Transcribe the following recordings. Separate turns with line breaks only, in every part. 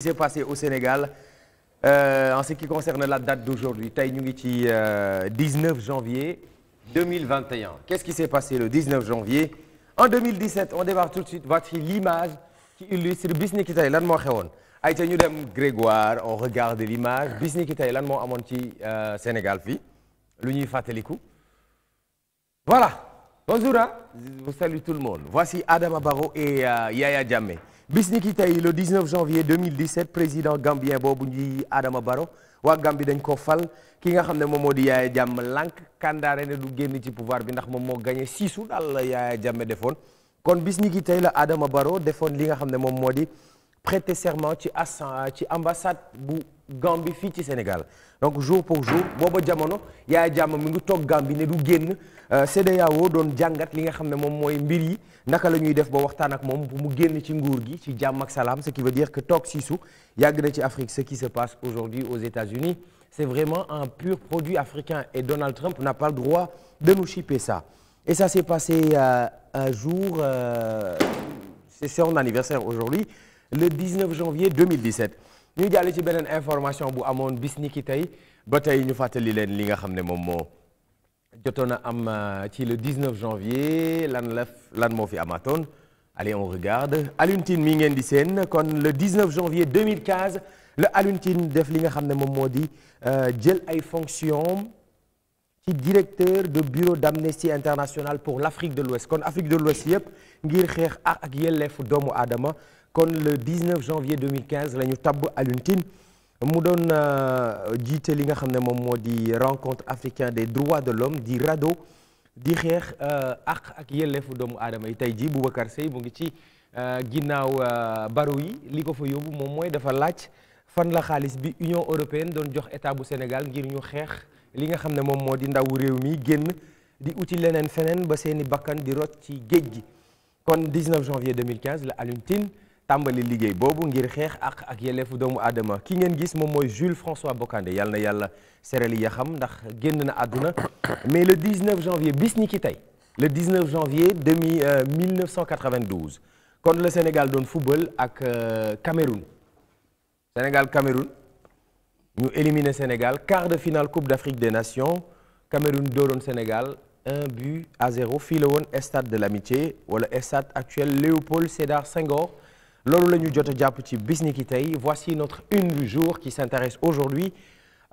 s'est passé au Sénégal euh, en ce qui concerne la date tey ñu ngi ci 19 euh, janvier 2021 qu'est-ce qui s'est passé le 19 janvier en 2017 on démarre tout de suite lan moo xewoon ay ñu dem Grégoire on regarde l'image ni ki tey lan moo amoon ci euh, Sénégal fii lu ñuy fàttaliku voilà bonjour hein je vous salue bis ni ki tey le 19 janvier 2017 président gambien boobu ñuy Adama Barrow waa Gambie dañ ko fal ki nga xam ne moom moo di Yaya Jammeh lànk kandaare ne du génn ci pouvoir bi ndax moom moo gagné siisu daal la Yaya Jammeh defoon kon bis ni ki tey la Adama baro defoon li nga xam ne moom moo di prêter serment ci assa ci ambassade bu Gambie fii ci Sénégal donc jour pour jour jamono yaay jàmm mi ngi toog Gambie ne du génn euh, CEDEAO doon jàngat li nga xam ne moom mooy mbir yi naka la ñuy def ba waxtaan ak moom bu mu génn ci nguur gi ci jàmm ak salaam ce qui veut dire que toog siisu yàgg na ci Afrique ce qui se passe aujourd'hui aux États-Unis c'est vraiment un pur produit africain et Donald Trump n'a pas le droit de nous chipper ça et ça s'est passé euh, un jour euh, c'est son anniversaire aujourd'hui le 19 janvier 2017 ñuy jàll ci beneen information bu amoon bis ni tey ba tey ñu fàttali leen li nga xam ne moom moo jotoon a am euh, ci le 19 janvier lan la lan moo fi amaatoon allez on regarde Alioune Tine mi ngeen di seen kon le 19 janvier 2015 la Alioune Tine def li nga xam ne moom moo di euh, jël ay fonctions ci directeur de bureau d'Amnesty International pour l'Afrique de l'Ouest kon Afrique de l'Ouest yëpp ngir xeex ak yelleefu doomu aadama kon le 19 janvier 2015 la ñu tabb Alioune Tine mu doon euh, jiite li nga xam ne moom moo di rencontre africain des droits de l'homme di RADDHO di xeex euh, àq ak yelleefu doomu aadama yi tey jii Boubacar Seye mu ngi ci euh, ginnaaw baro yi li ko fa yóbbu moom mooy dafa laaj fan la xaalis bi Union européenne doon jox état bu Sénégal ngir ñu xeex li nga xam ne moom moo di ndawu réew mii génn di uti leneen feneen ba seeni bakkan di rot ci géej gi kon 19 janvier 2015 la Alioune tàmbali liggéey boobu ngir xeex ak ak yelleefu doomu aadama ki ngeen gis moom mooy Jules François Bocandé yàlla na yàlla sereli ya xam ndax génn na àdduna mais le 19 janvier bis ni ki tey le 19 janvier demi 1992 euh, kon le Sénégal doon football ak euh, Cameroun Sénégal Cameroun ñu éliminé Sénégal quart de finale Coupe d'Afrique des Nations Cameroun dooroon Sénégal un but à zéro fii la woon stade de l'amitié wala stade actuel Léopold Sédar Senghor loolu la ñu jot a jàpp ci bis ni ki tey voici notre une du jour qui s'intéresse aujourd'hui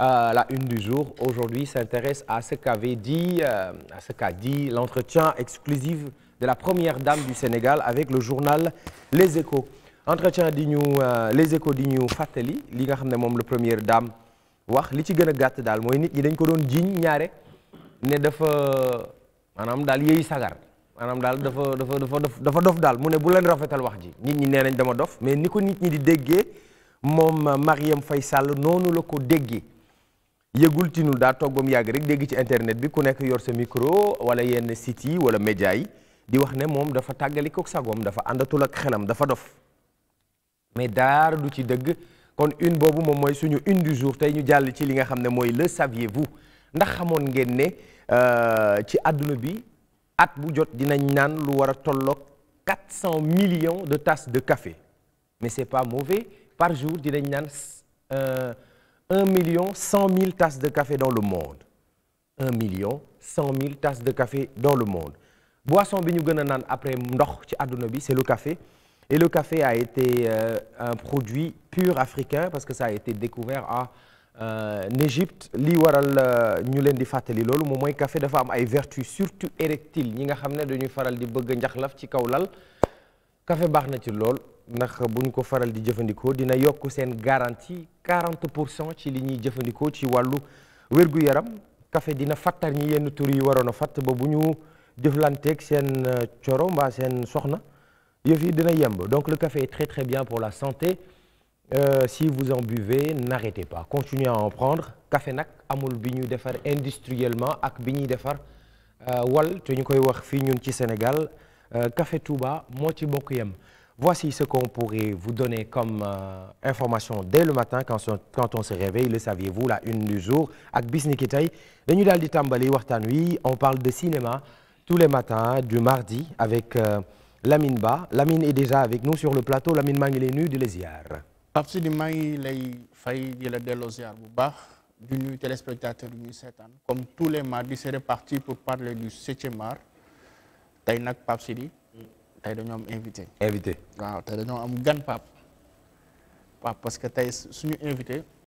euh, la une du jour aujourd'hui s'intéresse à ce qu'avait dit euh, à ce qu'a dit l'entretien exclusif de la première dame du Sénégal avec le journal Les Échos entretien di ñu euh, Les Échos di ñu fàttali li nga xam ne moom la première dame wax li ci gën a gàtt daal mooy nit ñi dañ ko doon jiiñ ñaare ne dafa maanaam daal yeeyu sagar maanaam daal dafa dafa dafa dafa dof daal mu ne bu leen rafetal wax ji nit ñi nee nañ dama dof mais ni ko nit ñi di déggee moom Marième fay sàll noonu la ko déggee yëgul tinu daa toog ba yàgg rek dégg ci internet bi ku nekk yor sa micro wala yenn sites yi wala média yi di wax ne moom dafa tàggali tàggalikook sagoom dafa àndatul ak xelam dafa dof mais daara du ci dégg kon une boobu moom mooy suñu une du jour tey ñu jàll ci li nga xam ne mooy le saviez-vous ndax xamoon ngeen ne euh, ci àdduna bi at bu jot dinañ naan lu war a tolloog 400 millions de tasses de café mais c'est pas mauvais par jour dinañ naan euh, un million cent mille tasses de café dans le monde un million cent mille tasses de café dans le monde boisson bi ñu gën a naan après ndox ci àdduna bi c'est le café et le café a été euh, un produit pur africain parce que ça a été découvert à Euh, n'Égypte lii waral euh, ñu leen di fàttali loolu moom mooy kafe dafa am ay vertus surtout érectile ñi nga xam ne dañuy faral di bëgg njaxlaf ci kaw lal kafe baax na ci lool ndax bu ñu ko faral di jëfandikoo dina yokk seen garantie 40 pour cent ci li ñuy jëfandikoo ci wàllu wér yaram café dina fattar ñi yenn tur yi waroon a fatt ba bu ñu jëflanteeg seen euh, coro mbaa seen soxna yëf yi dina yemb donc le café est très très bien pour la santé Euh, si vous en buvez n'arrêtez pas continuez à en prendre café nag amul bi ñuy defar industriellement ak bi ñuy defar euh, wal te ñu koy wax fii ñun ci Sénégal euh, café Touba moo ci bokk yem voici ce qu'on pourrait vous donner comme euh, information dès le matin quand on, se réveille le saviez-vous la une du jour ak bis ni ki tey dañu daal di tàmbali waxtaan wi on parle de cinéma tous les matins du mardi avec euh, Lamine Ba Lamine est déjà avec nous sur le plateau Lamine maa ngi lay nuyu di Pape Sidi maa ngi lay fay di la delloo ziar bu baax du ñuy téléspectateur yu ñuy seetaan comme tous les mardis c'est reparti pour parler du septième art tey nag Pape Sidi tey dañoo am invité. invité waaw tey dañoo am gan Pape parce que tey suñu invité.